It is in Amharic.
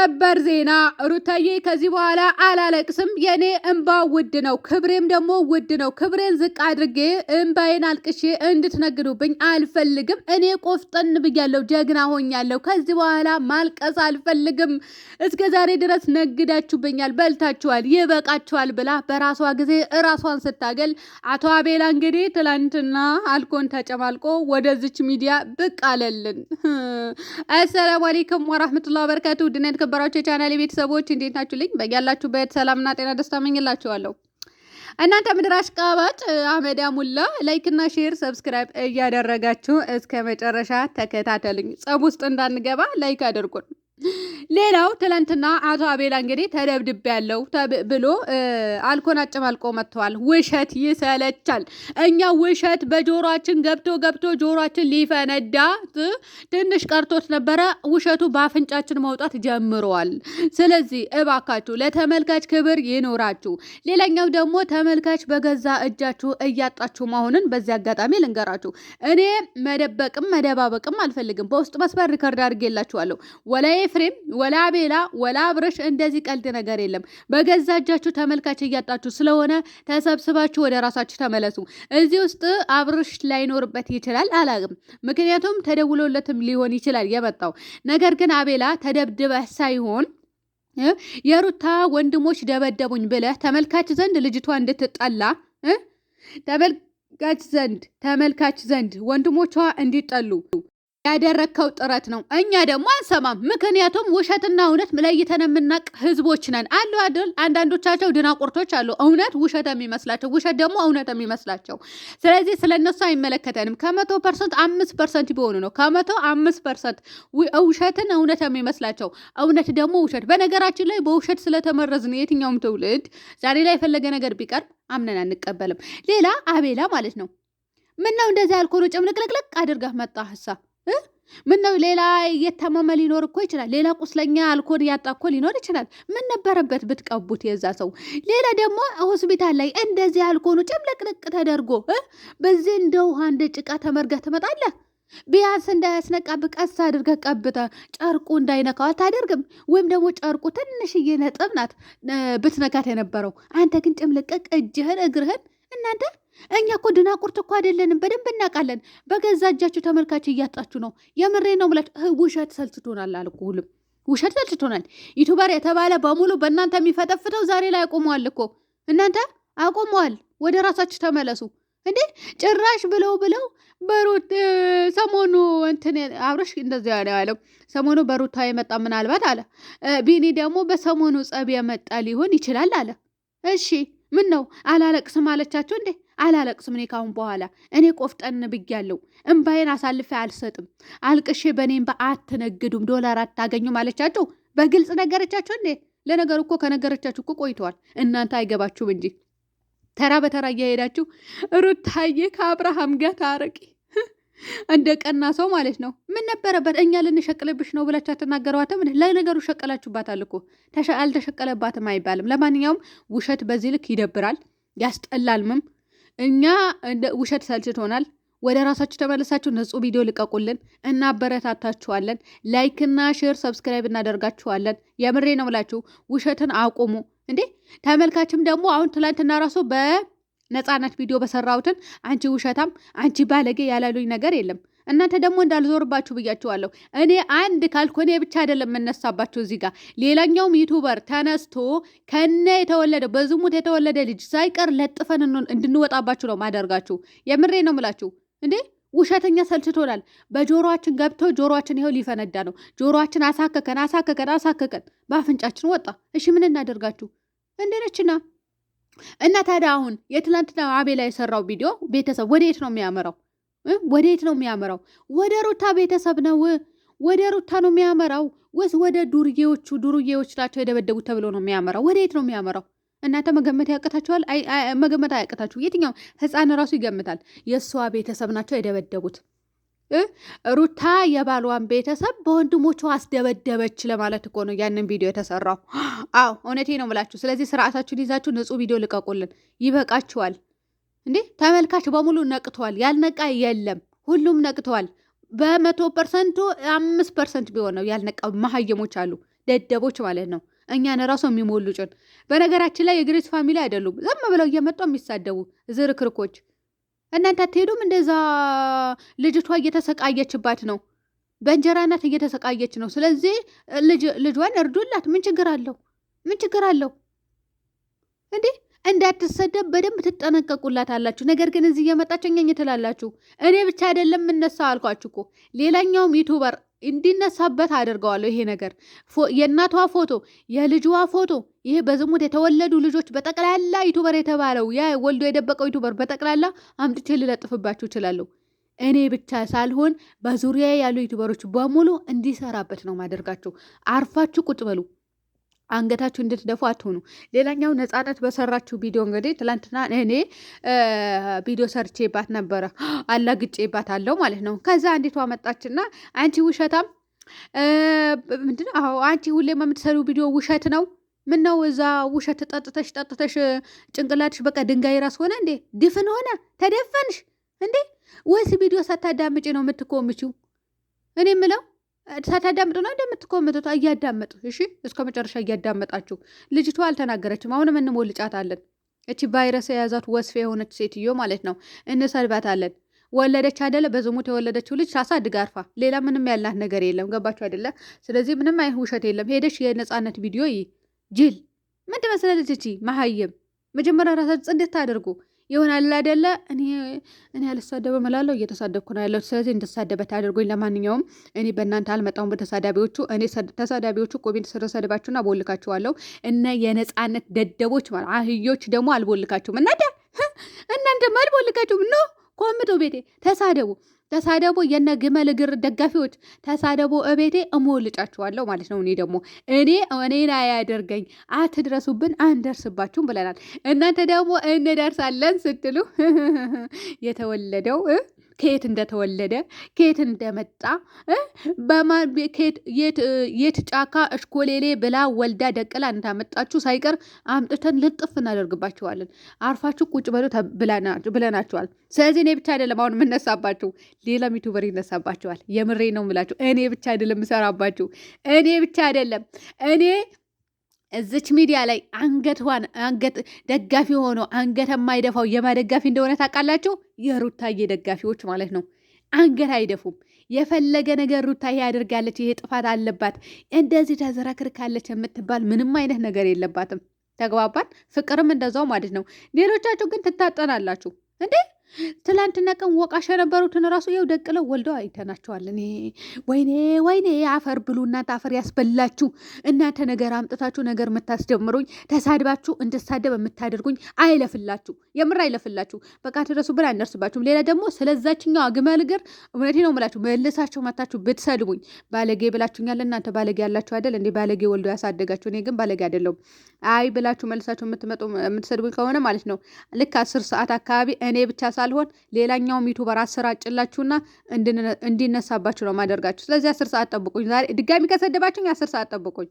ሰበር ዜና ሩታዬ ከዚህ በኋላ አላለቅስም። የኔ እንባ ውድ ነው፣ ክብሬም ደግሞ ውድ ነው። ክብሬን ዝቅ አድርጌ እንባዬን አልቅሼ እንድትነግዱብኝ አልፈልግም። እኔ ቆፍጠን ብያለሁ፣ ጀግና ሆኛለሁ። ከዚህ በኋላ ማልቀስ አልፈልግም። እስከ ዛሬ ድረስ ነግዳችሁብኛል፣ በልታችኋል፣ ይበቃችኋል ብላ በራሷ ጊዜ እራሷን ስታገል አቶ አቤላ እንግዲህ ትላንትና አልኮን ተጨማልቆ ወደዚች ሚዲያ ብቅ አለልን። አሰላሙ አሌይኩም ወራህመቱላ በረካቱ ድናይድ የተከበራችሁ የቻናል ቤተሰቦች እንዴት ናችሁ? ልኝ በያላችሁበት ሰላምና ጤና ደስታ መኝላችኋለሁ። እናንተ ምድር አሽቃባጭ አህመድ ሙላ ላይክና ሼር ሰብስክራይብ እያደረጋችሁ እስከ መጨረሻ ተከታተሉኝ። ጸብ ውስጥ እንዳንገባ ላይክ አድርጉን። ሌላው ትላንትና አቶ አቤላ እንግዲህ ተደብድብ ያለው ብሎ አልኮን አጨማልቆ መጥተዋል። ውሸት ይሰለቻል። እኛ ውሸት በጆሮችን ገብቶ ገብቶ ጆሮችን ሊፈነዳ ትንሽ ቀርቶት ነበረ። ውሸቱ በአፍንጫችን መውጣት ጀምረዋል። ስለዚህ እባካችሁ ለተመልካች ክብር ይኖራችሁ። ሌላኛው ደግሞ ተመልካች በገዛ እጃችሁ እያጣችሁ መሆንን በዚህ አጋጣሚ ልንገራችሁ። እኔ መደበቅም መደባበቅም አልፈልግም። በውስጥ መስመር ሪከርድ አድርጌላችኋለሁ ወላይ ኤፍሬም ወላ ቤላ ወላ አብረሽ እንደዚህ ቀልድ ነገር የለም። በገዛ እጃችሁ ተመልካች እያጣችሁ ስለሆነ ተሰብስባችሁ ወደ ራሳችሁ ተመለሱ። እዚህ ውስጥ አብረሽ ላይኖርበት ይችላል፣ አላቅም። ምክንያቱም ተደውሎለትም ሊሆን ይችላል የመጣው ነገር ግን አቤላ ተደብድበህ ሳይሆን የሩታ ወንድሞች ደበደቡኝ ብለህ ተመልካች ዘንድ ልጅቷ እንድትጠላ ተመልካች ዘንድ ተመልካች ዘንድ ወንድሞቿ እንዲጠሉ ያደረግከው ጥረት ነው። እኛ ደግሞ አንሰማም። ምክንያቱም ውሸትና እውነት ለይተን የምናቅ ህዝቦች ነን። አሉ አይደል? አንዳንዶቻቸው ድናቁርቶች አሉ፣ እውነት ውሸት የሚመስላቸው ውሸት ደግሞ እውነት የሚመስላቸው። ስለዚህ ስለነሱ አይመለከተንም። ከመቶ ፐርሰንት አምስት ፐርሰንት ቢሆኑ ነው ከመቶ አምስት ፐርሰንት ውሸትን እውነት የሚመስላቸው፣ እውነት ደግሞ ውሸት። በነገራችን ላይ በውሸት ስለተመረዝን የትኛውም ትውልድ ዛሬ ላይ የፈለገ ነገር ቢቀርብ አምነን አንቀበልም። ሌላ አቤላ ማለት ነው። ምን እንደዚህ አልኮኖ ጭምልቅልቅልቅ አድርገህ መጣ ሀሳብ ምን ነው ሌላ እየታመመ ሊኖር እኮ ይችላል። ሌላ ቁስለኛ አልኮል ያጣ እኮ ሊኖር ይችላል። ምን ነበረበት ብትቀቡት የዛ ሰው። ሌላ ደግሞ ሆስፒታል ላይ እንደዚህ አልኮሉ ጨምለቅለቅ ተደርጎ በዚህ እንደ ውሃ እንደ ጭቃ ተመርጋ ትመጣለህ። ቢያንስ እንዳያስነቃ ቀስ አድርገ ቀብተ ጨርቁ እንዳይነካው አታደርግም። ወይም ደግሞ ጨርቁ ትንሽዬ ነጥብ ናት ብትነካት የነበረው አንተ ግን ጭምልቅቅ እጅህን እግርህን እናንተ እኛ እኮ ድናቁርት እኮ አይደለንም፣ በደንብ እናውቃለን። በገዛ እጃችሁ ተመልካች እያጣችሁ ነው። የምሬ ነው ብላችሁ ውሸት ሰልችቶናል። አልኩሁልም ውሸት ሰልችቶናል። ዩቱበር የተባለ በሙሉ በእናንተ የሚፈጠፍተው ዛሬ ላይ አቆመዋል እኮ እናንተ አቆመዋል። ወደ ራሳችሁ ተመለሱ። እንዴ ጭራሽ ብለው ብለው በሩት ሰሞኑ እንትን አብረሽ እንደዚያ ነው ያለው። ሰሞኑ በሩታ የመጣ ምናልባት አለ ቢኒ ደግሞ በሰሞኑ ጸብ የመጣ ሊሆን ይችላል አለ። እሺ ምን ነው አላለቅስም አለቻችሁ እንዴ? አላለቅስም። እኔ ካሁን በኋላ እኔ ቆፍጠን ብያለሁ። እምባዬን አሳልፌ አልሰጥም። አልቅሼ በእኔም በአትነግዱም ዶላር አታገኙም አለቻቸው። በግልጽ ነገረቻቸው እንዴ! ለነገሩ እኮ ከነገረቻችሁ እኮ ቆይተዋል። እናንተ አይገባችሁም እንጂ ተራ በተራ እያሄዳችሁ ሩታዬ ከአብርሃም ጋር ታረቂ እንደ ቀና ሰው ማለት ነው። ምን ነበረበት እኛ ልንሸቅልብሽ ነው ብላችሁ አትናገረዋትም? ለነገሩ ሸቀላችሁባታል እኮ አልተሸቀለባትም አይባልም። ለማንኛውም ውሸት በዚህ ልክ ይደብራል፣ ያስጠላልምም። እኛ ውሸት ሰልችቶናል። ወደ ራሳችሁ ተመለሳችሁ ንጹህ ቪዲዮ ልቀቁልን፣ እናበረታታችኋለን። ላይክና ሼር፣ ሰብስክራይብ እናደርጋችኋለን። የምሬ ነው ብላችሁ ውሸትን አቁሙ። እንዴ ተመልካችም ደግሞ አሁን ትላንትና ራሱ በነፃነት ቪዲዮ በሰራሁትን አንቺ ውሸታም፣ አንቺ ባለጌ ያላሉኝ ነገር የለም። እናንተ ደግሞ እንዳልዞርባችሁ ብያችኋለሁ። እኔ አንድ ካልኮኔ ብቻ አይደለም የምነሳባችሁ እዚህ ጋር ሌላኛውም ዩቱበር ተነስቶ ከነ የተወለደ በዝሙት የተወለደ ልጅ ሳይቀር ለጥፈን እንድንወጣባችሁ ነው ማደርጋችሁ። የምሬ ነው ምላችሁ እንዴ ውሸተኛ ሰልችቶናል። በጆሮችን ገብቶ ጆሮችን ይኸው ሊፈነዳ ነው። ጆሮችን አሳከከን አሳከከን አሳከከን፣ በአፍንጫችን ወጣ። እሺ ምን እናደርጋችሁ? እንደነችና እና ታዲያ አሁን የትላንትና አቤላ የሰራው ቪዲዮ ቤተሰብ ወደ የት ነው የሚያመራው? ወዴት ነው የሚያመራው? ወደ ሩታ ቤተሰብ ነው ወደ ሩታ ነው የሚያመራው ወይስ ወደ ዱርዬዎቹ ዱርዬዎች ናቸው የደበደቡት ተብሎ ነው የሚያመራው? ወዴት ነው የሚያመራው? እናንተ መገመት ያቅታችኋል። መገመት አያቅታችሁ። የትኛው ህፃን ራሱ ይገምታል። የእሷ ቤተሰብ ናቸው የደበደቡት። ሩታ የባሏን ቤተሰብ በወንድሞቹ አስደበደበች ለማለት እኮ ነው ያንን ቪዲዮ የተሰራው። አዎ እውነቴ ነው የምላችሁ። ስለዚህ ስርዓታችሁን ይዛችሁ ንጹህ ቪዲዮ ልቀቁልን። ይበቃችኋል። እንዴ ተመልካች በሙሉ ነቅተዋል። ያልነቃ የለም። ሁሉም ነቅተዋል። በመቶ ፐርሰንቱ አምስት ፐርሰንት ቢሆን ነው ያልነቃ። መሀየሞች አሉ፣ ደደቦች ማለት ነው። እኛን ራሱ የሚሞሉ ጭን። በነገራችን ላይ የግሬስ ፋሚሊ አይደሉም፣ ዝም ብለው እየመጡ የሚሳደቡ ዝርክርኮች። እናንተ አትሄዱም? እንደዛ ልጅቷ እየተሰቃየችባት ነው፣ በእንጀራ እናት እየተሰቃየች ነው። ስለዚህ ልጇን እርዱላት። ምን ችግር አለው? ምን ችግር አለው እንዴ? እንዳትሰደብ በደንብ ትጠነቀቁላት አላችሁ። ነገር ግን እዚህ እየመጣችሁ እኛኝ ትላላችሁ። እኔ ብቻ አይደለም የምነሳ አልኳችሁ እኮ ሌላኛውም ዩቱበር እንዲነሳበት አድርገዋለሁ። ይሄ ነገር የእናቷ ፎቶ፣ የልጅዋ ፎቶ፣ ይሄ በዝሙት የተወለዱ ልጆች በጠቅላላ ዩቱበር የተባለው ያ ወልዶ የደበቀው ዩቱበር በጠቅላላ አምጥቼ ልለጥፍባችሁ እችላለሁ። እኔ ብቻ ሳልሆን በዙሪያ ያሉ ዩቱበሮች በሙሉ እንዲሰራበት ነው ማደርጋችሁ። አርፋችሁ ቁጭ በሉ። አንገታችሁ እንድትደፉ አትሆኑ። ሌላኛው ነፃነት በሰራችሁ ቪዲዮ እንግዲህ ትላንትና እኔ ቪዲዮ ሰርቼባት ነበረ አላግጬባት አለው ማለት ነው። ከዛ አንዲቷ መጣችና አንቺ ውሸታም ምንድን ነው አንቺ ሁሌም የምትሰሪው ቪዲዮ ውሸት ነው ምን ነው እዛ ውሸት ጠጥተሽ ጠጥተሽ ጭንቅላትሽ በቃ ድንጋይ ራስ ሆነ እንዴ? ድፍን ሆነ ተደፈንሽ እንዴ? ወይስ ቪዲዮ ሳታዳምጪ ነው የምትኮምችው? እኔ ምለው ሳታዳምጡ ነው እንደምትኮመቱት እያዳመጡ እሺ፣ እስከ መጨረሻ እያዳመጣችሁ። ልጅቷ አልተናገረችም። አሁንም እንሞልጫታለን። እቺ ቫይረስ የያዛት ወስፌ የሆነች ሴትዮ ማለት ነው። እንሰድባታለን። ወለደች አይደለ? በዝሙት የወለደችው ልጅ ታሳድግ አርፋ። ሌላ ምንም ያላት ነገር የለም። ገባችሁ አይደለ? ስለዚህ ምንም አይነት ውሸት የለም። ሄደሽ የነፃነት ቪዲዮ ይ ጅል ምንድን መሰለች እቺ መሀይም መጀመሪያ ራሳችሁ ጽንደት ታደርጉ ይሆናል አይደለ? እኔ እኔ አልሳደብም እላለሁ እየተሳደብኩ ነው ያለሁት። ስለዚህ እንድሳደበት አድርጎኝ። ለማንኛውም እኔ በእናንተ አልመጣሁም በተሳዳቢዎቹ። እኔ ተሳዳቢዎቹ ኮሜንት ስር ሰድባችሁን አቦልካችኋለሁ። እነ የነፃነት ደደቦች ማለት አህዮች ደግሞ አልቦልካችሁም። እናንተ እናንተ አልቦልካችሁም። ኖ ኮምቶ ቤቴ ተሳደቡ። ተሳደቡ፣ የነ ግመል እግር ደጋፊዎች ተሳደቡ፣ እቤቴ እሞልጫችኋለሁ ማለት ነው። እኔ ደግሞ እኔ እኔ ላይ ያደርገኝ አትድረሱብን፣ አንደርስባችሁም ብለናል። እናንተ ደግሞ እንደርሳለን ስትሉ የተወለደው ከየት እንደተወለደ ከየት እንደመጣ የት ጫካ እሽኮሌሌ ብላ ወልዳ ደቅላ እንዳመጣችሁ ሳይቀር አምጥተን ልጥፍ እናደርግባችኋለን። አርፋችሁ ቁጭ በሉ ብለናችኋል። ስለዚህ እኔ ብቻ አይደለም አሁን የምነሳባችሁ፣ ሌላም ዩቱበር ይነሳባችኋል። የምሬ ነው የምላችሁ። እኔ ብቻ አይደለም የምሰራባችሁ። እኔ ብቻ አይደለም እኔ እዚች ሚዲያ ላይ አንገትዋን አንገት ደጋፊ ሆኖ አንገት የማይደፋው የማ ደጋፊ እንደሆነ ታውቃላችሁ? የሩታዬ ደጋፊዎች ማለት ነው። አንገት አይደፉም። የፈለገ ነገር ሩታዬ ያደርጋለች፣ ይሄ ጥፋት አለባት፣ እንደዚህ ተዝረክርካለች የምትባል ምንም አይነት ነገር የለባትም። ተግባባን። ፍቅርም እንደዛው ማለት ነው። ሌሎቻችሁ ግን ትታጠናላችሁ እንዴ ትላንትና ቀን ወቃሽ የነበሩትን ራሱ ያው ደቅለው ወልደው አይተናቸዋለን። ወይኔ ወይኔ አፈር ብሉ እናንተ አፈር ያስበላችሁ እናንተ ነገር አምጥታችሁ ነገር የምታስጀምሩኝ ተሳድባችሁ እንድሳደብ የምታደርጉኝ አይለፍላችሁ፣ የምር አይለፍላችሁ። በቃ ትደርሱብን አይነርስባችሁም። ሌላ ደግሞ ስለዛችኛው ግመል እግር እውነቴ ነው የምላችሁ መልሳችሁ መታችሁ ብትሰድቡኝ ባለጌ ብላችሁኛል። እናንተ ባለጌ ያላችሁ አይደል እንዴ? ባለጌ ወልዶ ያሳደጋችሁ። እኔ ግን ባለጌ አይደለሁም። አይ ብላችሁ መልሳችሁ የምትመጡ የምትሰድቡኝ ከሆነ ማለት ነው ልክ አስር ሰዓት አካባቢ እኔ ብቻ ሳልሆን ሌላኛውም ዩቱበር አሰራጭላችሁና እንዲነሳባችሁ ነው ማደርጋችሁ። ስለዚህ አስር ሰዓት ጠብቁኝ። ዛሬ ድጋሚ ከሰደባችሁኝ አስር ሰዓት ጠብቁኝ።